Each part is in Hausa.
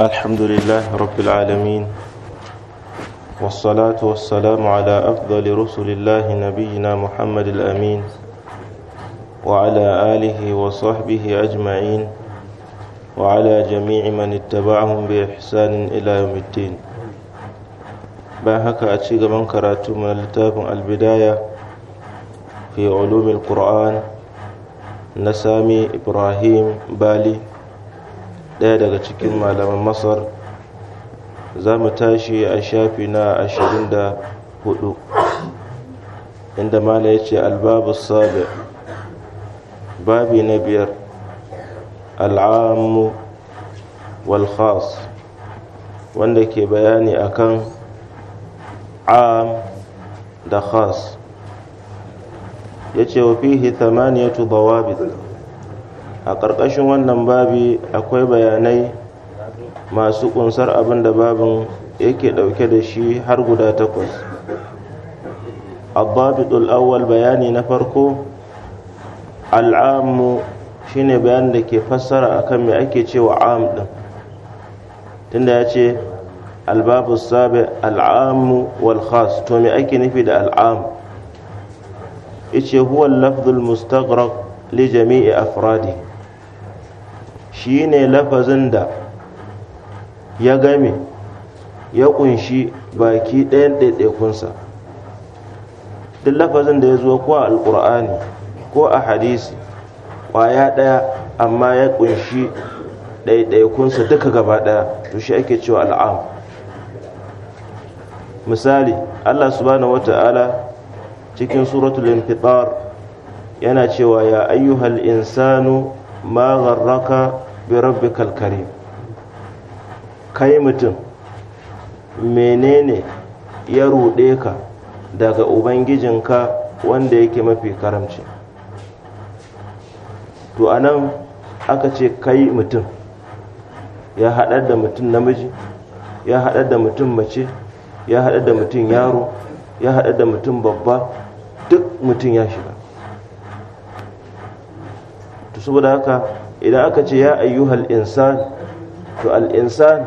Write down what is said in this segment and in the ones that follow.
الحمد لله رب العالمين والصلاة والسلام على أفضل رسل الله نبينا محمد الأمين وعلى آله وصحبه أجمعين وعلى جميع من اتبعهم بإحسان إلى يوم الدين باهك أتشيق من كراتو من الكتاب البداية في علوم القرآن نسامي إبراهيم بالي Daya daga cikin malaman masar za mu tashi a shafi na ashirin da hudu inda mala ya ce albabu sabi babi na biyar al'amu wal wanda ke bayani akan am da khas ya ce wa fihi thamaniyatu dawabit a ƙarƙashin wannan babi akwai bayanai masu ƙunsar abin da babin yake ɗauke da shi har guda takwas abbabitul awwal bayani na farko al'amu shine bayanin da ke fassara akan me ake cewa am din tunda ya ce albabu sabi al'amu wal khas to me ake nufi da al'am ice huwa lafzul mustaghraq li jami'i afradi Shi ne lafazin da ya game ya kunshi baki ɗayan ɗaiɗaikunsa duk lafazin da ya zo ko a alƙur'ani ko a hadisi ƙwaya ɗaya amma ya kunshi ɗaiɗaikunsa duka gaba ɗaya to shi ake cewa al'am misali allah subhanahu wata'ala cikin suratul infitar yana cewa ya ayyuhal insanu ma gharraka bi rabbikal karim kai mutum menene ya ruɗe ka daga ubangijinka wanda yake mafi karamci to a nan aka ce kai mutum ya haɗar da mutum namiji ya haɗar da mutum mace ya haɗar da mutum yaro ya haɗar da mutum babba duk mutum ya shiga to saboda haka idan aka ce ya ayyuhal insan to al'insan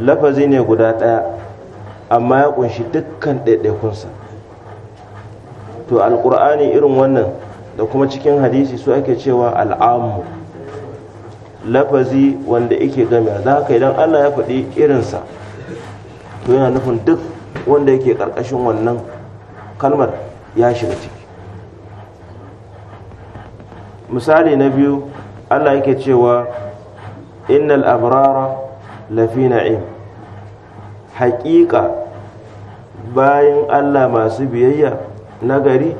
lafazi ne guda ɗaya amma ya ƙunshi dukkan ɗaiɗaikunsa to alƙur'ani irin wannan da kuma cikin hadisi su ake cewa al'amu lafazi wanda yake game da haka idan allah ya faɗi irinsa to yana nufin duk wanda yake ƙarƙashin wannan kalmar ya shiga ciki misali na biyu Allah yake cewa innal abrara lafi na'im haƙiƙa bayan Allah masu biyayya nagari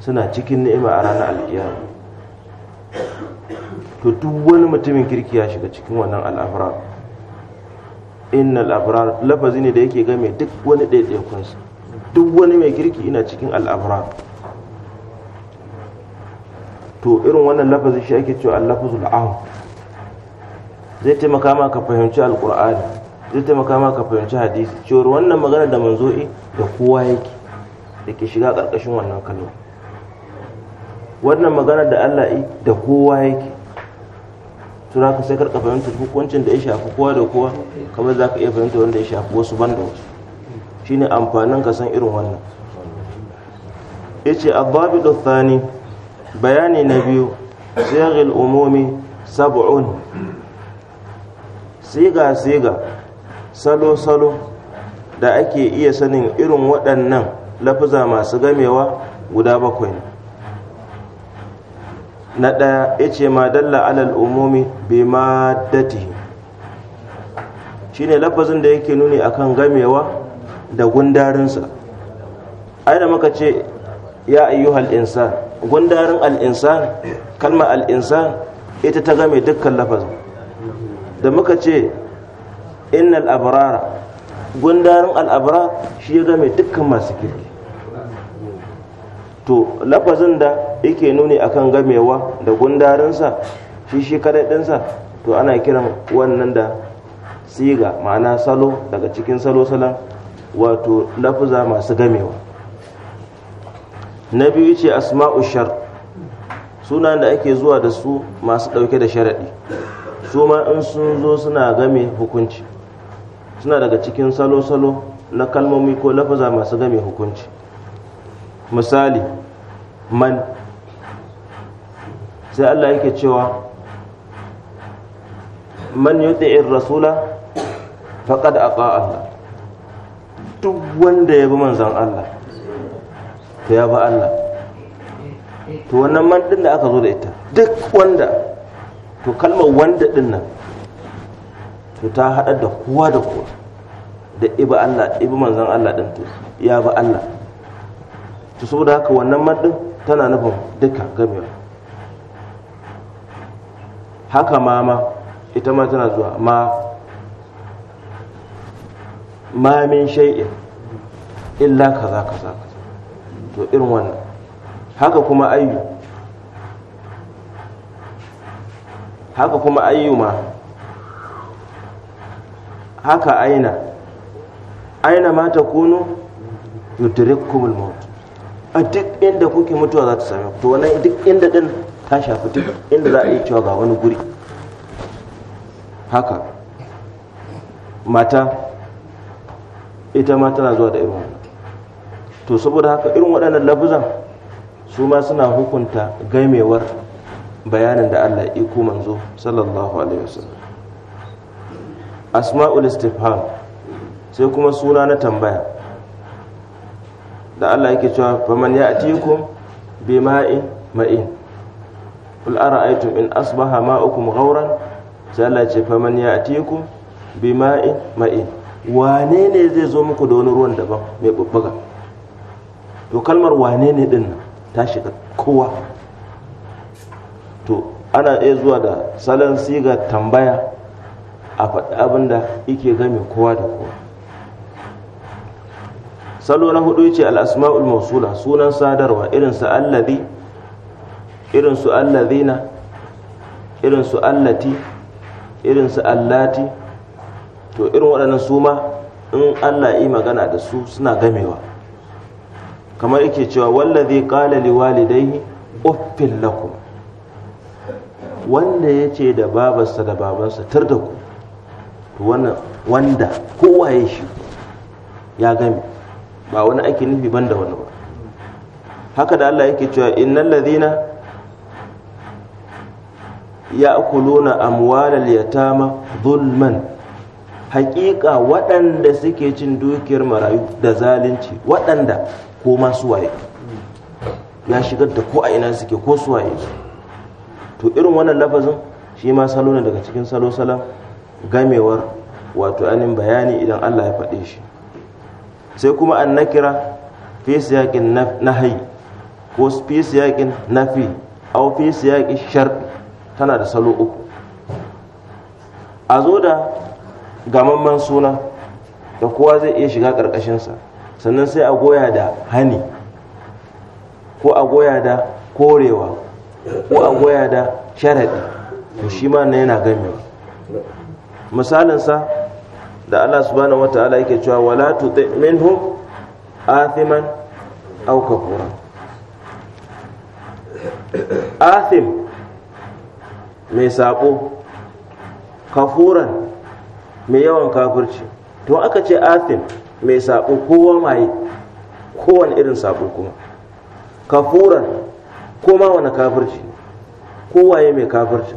suna cikin ni'ima a ranar alkiyama to duk wani mutumin kirki ya shiga cikin wannan al'abrar innal abrar lafazi ne da yake game duk wani ɗaiɗaikunsa duk wani mai kirki ina cikin al'abrar to irin wannan lafazin shi ake cewa al-lafzul ahd zai taimaka maka ka fahimci Alƙur'ani. zai taimaka maka ka fahimci hadisi cewar wannan magana da manzo'i da kowa yake da ke shiga ƙarƙashin wannan kalma wannan magana da Allah yi da kowa yake tura ka sai karka fahimta hukuncin da ya shafi kowa da kowa kamar za ka iya fahimta wanda ya shafi wasu ban da wasu shine amfanin ka san irin wannan yace ababi thani bayani na biyu sigil umumi sab'un siga siga salo salo da ake iya sanin irin waɗannan lafiza masu gamewa guda bakwai na ɗaya ya ce ma dalla alal umumi bi Shi shine lafazin da yake nuni akan gamewa da gundarinsa ai da muka ce ya ayyuhal insan gundarin al'insan kalma al'insan ita ta game dukkan lafazin da muka ce innal abrara gundarin al'abara shi ya game dukkan masu kirki to lafazin da yake nuni akan gamewa da gundarinsa shi shi ɗinsa to ana kiran wannan da siga ma'ana salo daga cikin salo salon wato lafaza masu gamewa na biyu ce asma'u shar sunan da ake zuwa da su masu dauke da sharaɗi su ma in sun zo suna game hukunci suna daga cikin salo-salo na kalmomi ko lafaza masu game hukunci misali man sai Allah yake cewa man yuti'ir rasula faqad aqa'a Allah duk wanda ya bi manzon Allah to ya ba Allah to wannan man din da aka zo da ita duk wanda to kalmar wanda din nan to ta hada da kowa da kowa da iba Allah iba manzon Allah din to ya ba Allah to saboda haka wannan man din tana nufin duka gamewa haka ma ma ita ma tana zuwa ma ma min shay'in illa kaza kaza kaza to irin wannan haka kuma ayyu haka kuma ma, haka aina aina ma ta kunu yudrikkumul maut a duk inda kuke mutuwa za ta same ku to wannan duk inda din ta shafi duk inda za a yi cewa ga wani guri haka mata ita ma tana zuwa da irin wannan. to saboda haka irin waɗannan labuzan su ma suna hukunta gaimewar bayanin da Allah iko manzo sallallahu alaihi wasallam asma'ul istifham sai kuma suna na tambaya da Allah yake cewa faman ya'tikum bima'in ma'in kul ara'aytum in asbaha ma'ukum ghawran sai Allah ya ce faman ya'tikum bima'in ma'in wane ne zai zo muku da wani ruwan daban mai bubbuga to kalmar wane ne din ta shiga kowa to ana iya zuwa da salon siga tambaya a faɗi abin da yake game kowa da kowa salo na hudu ce al'asma'ul mausula sunan sadarwa irinsu allazi irinsu allazina irinsu allati irinsu allati to irin waɗannan su ma in allah yi magana da su suna gamewa kamar yake cewa wallazi qala liwalidayhi uffil lakum wanda ya ce da babarsa da babansa tur da ku wanda kowa ya shi ya gami ba wani ake nufi ban da wani ba haka da Allah yake cewa innal ladhina ya'kuluna amwalal yatama zulman haƙiƙa waɗanda suke cin dukiyar marayu da zalunci waɗanda ko ma suwaye ya shigar da ko a ina suke ko suwaye to irin wannan lafazin shi ma salo ne daga cikin salo salon gamewar wato anin bayani idan Allah ya faɗe shi sai kuma an nakira fi siyaƙin nahai ko fi siyaƙin nafi au fi siyaƙin shar tana da salo uku a zo da gamamman suna da kowa zai iya shiga ƙarƙashinsa sannan sai a goya da hani ko a goya da korewa ko a goya da sharaɗi to shi ma na yana gami misalinsa da Allah subhanahu ala yake cewa wala tuti minhum athiman aw kafura athim mai saƙo kafuran mai yawan kafirci to aka ce athim mai saƙo kowa maye kowane irin saƙo kuma kafuran koma wani kafirci kowaye mai kafirci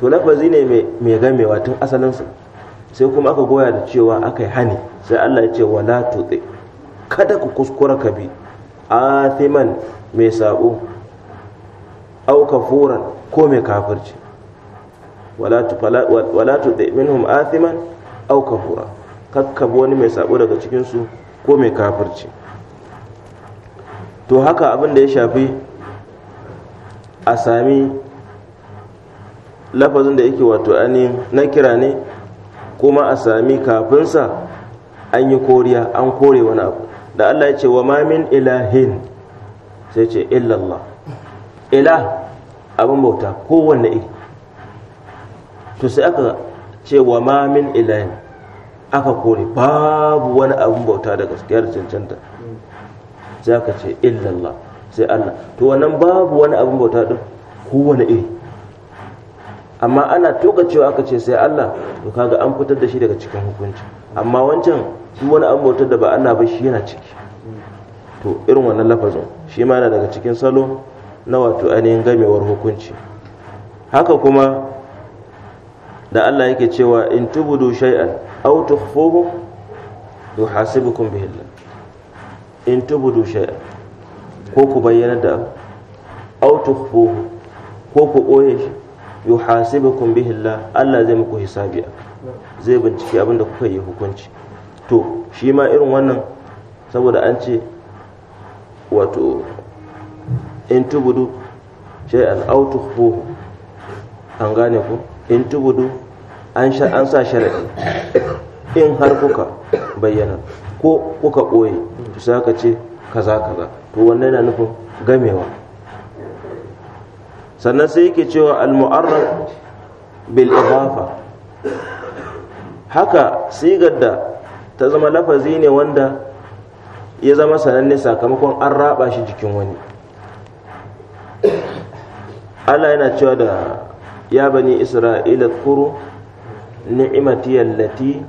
to lafazi ne mai gamewa tun asalinsa sai kuma aka goya da cewa aka yi hani sai allah ya ce wala tuɗe kada ku kuskura ka bi athiman mai saƙo au kafuran ko mai kafirci wala tuɗe minhum athiman au kafuran kakkaba wani mai sabo daga cikinsu ko mai kafirci to haka abin da ya shafi a sami lafazin da yake wato ainihin na kira ne kuma a sami kafinsa an yi koriya an kore wani abu da Allah ya ce wa mamin ilahin sai ce illallah ilah abin bauta kowanne iri to sai aka ce wa mamin ilahin aka kore babu wani abin bauta da gaskiya da cancanta za ka ce illallah sai Allah to wannan babu wani abin bauta din kowane iri amma ana toka cewa aka ce sai Allah to kaga an fitar da shi daga cikin hukunci amma wancan su wani abin bautar da ba ana ba shi yana ciki to irin wannan lafazin shi ma yana daga cikin salo na wato ainihin gamewar hukunci haka kuma da Allah yake cewa in tubudu shay'an aw tukhfuhu yuhasibukum bihi Allah in tubudu shay'a ko ku bayyana da abu aw tukhfuhu ko ku boye shi yuhasibukum bihi Allah Allah zai muku hisabi zai bincike abin da kuka yi hukunci to shi ma irin wannan saboda an ce wato in tubudu shay'an aw tukhfuhu an gane ku in tubudu an sa shari'i in har kuka bayyana ko kuka ɓoye to sai ka ce kaza kaza to wannan yana nufin gamewa sannan sai yake cewa al-mu'arrab bil idafa haka sigar da ta zama lafazi ne wanda ya zama sananne sakamakon an raba shi jikin wani Allah yana cewa da ya bani isra'ila kuru ni'imati allati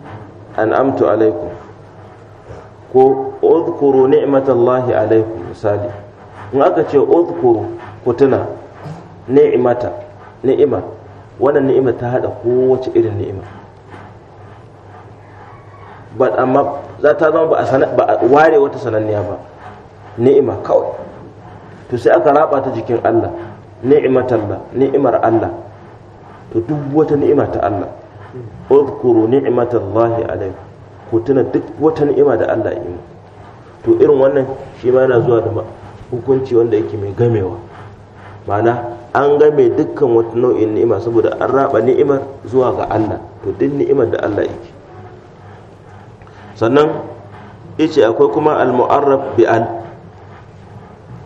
an'amtu alaikum ko udhkuru ni'matallahi alaikum misali in aka ce udhkuru ku tuna ni'mata ni'ima wannan ni'ima ta hada kowace irin ni'ima Ba amma za ta zama ba a ware wata sananniya ba ni'ima kawai to sai aka raba ta jikin Allah ni'imatallah ni'imar Allah to duk wata ni'ima ta Allah uzkuru ni'matallahi alaikum ku tuna duk wata ni'ima da Allah ya yi to irin wannan shi ma yana zuwa da hukunci wanda yake mai gamewa ma'ana an game dukkan wata nau'in ni'ima saboda an raba ni'imar zuwa ga Allah to duk ni'imar da Allah yake sannan yace akwai kuma al-mu'arraf bi al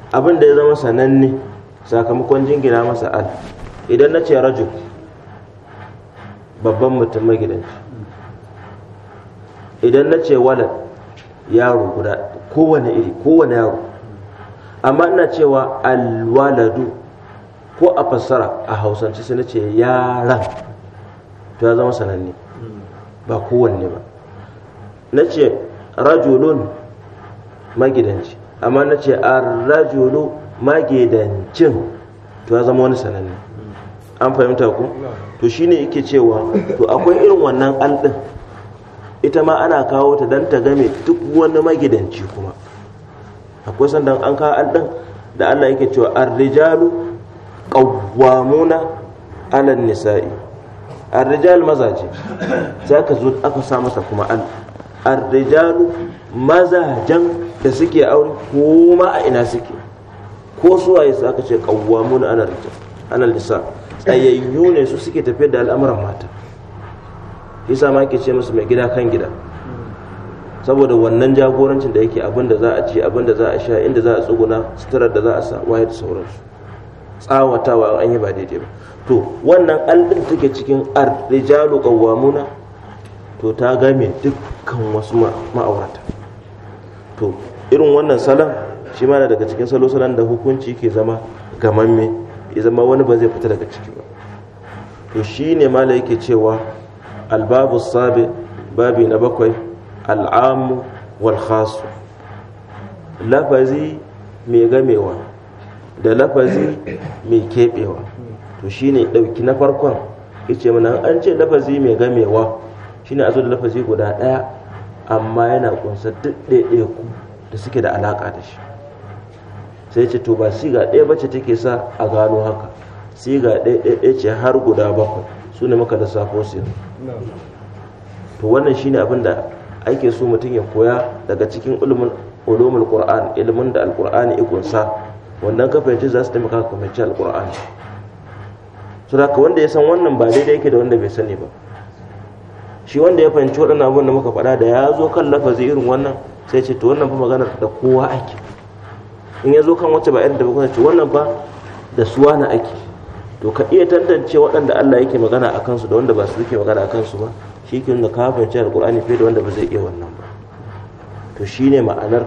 abin da ya zama sananne sakamakon jingina masa al idan na ce rajul babban mutum magidanci idan na ce walad yaro guda kowane iri kowane yaro amma ina cewa alwaladu ko a fassara a hausance sai na ce yaran to ya zama sananne ba kowanne ba na ce rajulun magidanci amma na ce a rajulu magidancin to ya zama wani sananne an fahimta ku to shine yake cewa to akwai irin wannan aldin ita ma ana kawo ta dan ta game duk wani magidanci kuma akwai sandan an kawo aldin da Allah yake cewa ar-rijalu qawwamuna 'ala an-nisa'i ar-rijal mazaje sai ka zo aka sa masa kuma an ar-rijalu mazajan da suke aure ko ma a ina suke ko suwaye su aka ce qawwamuna 'ala an-nisa' tsayayyu ne su suke tafiyar da al'amuran mata shi sa ma ke ce musu mai gida kan gida saboda wannan jagorancin da yake abin da za a ci abin da za a sha inda za a tsuguna suturar da za a sa waye da sauransu tsawatawa an yi ba daidai ba to wannan albin take cikin arrijalu qawwamuna to ta game dukkan wasu ma'aurata to irin wannan salon shi ma daga cikin salo salon da hukunci ke zama gamamme ya zama wani ba zai fita daga ciki ba to shine mala yake cewa albabu sabi babi na bakwai al'amu wal lafazi mai gamewa da lafazi mai keɓewa to shine ɗauki na farkon yace mana an ce lafazi mai gamewa shine a zo da lafazi guda ɗaya amma yana ƙunsa duk ɗaiɗaiku da suke da alaƙa da shi sai ce to ba siga ɗaya ba ce take sa a gano haka siga ɗaya ce har guda bakwai su ne maka da safo to wannan shi abin da ake so mutum ya koya daga cikin ilimin ulumul ilimin da alqur'ani ya wannan ka fahimci za su taimaka ka fahimci alqur'ani su da wanda ya san wannan ba daidai yake da wanda bai sani ba shi wanda ya fahimci waɗannan abin da muka faɗa da ya zo kan lafazi irin wannan sai ce to wannan fa maganar da kowa ake in ya zo kan wacce ba irin da ba ce wannan ba da suwa na ake to ka iya tantance waɗanda Allah yake magana a kansu da wanda ba su yake magana a kansu ba shi ke nuna kafin fahimci alƙur'ani fiye da wanda ba zai iya wannan ba to shi ne ma'anar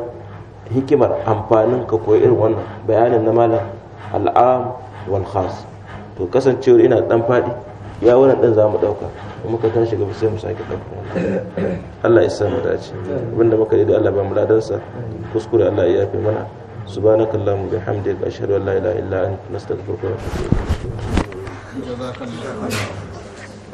hikimar amfanin ka koyi irin wannan bayanin na malam al'am wal khas to kasancewar ina dan faɗi ya wannan dan zamu dauka kuma ka tashi gaba sai mu sake dauka Allah ya sa mu dace abinda muka yi da Allah ba mu ladansa kuskure Allah ya yafe mana سبحانك اللهم وبحمدك اشهد ان لا اله الا انت نستغفرك ونتوب اليك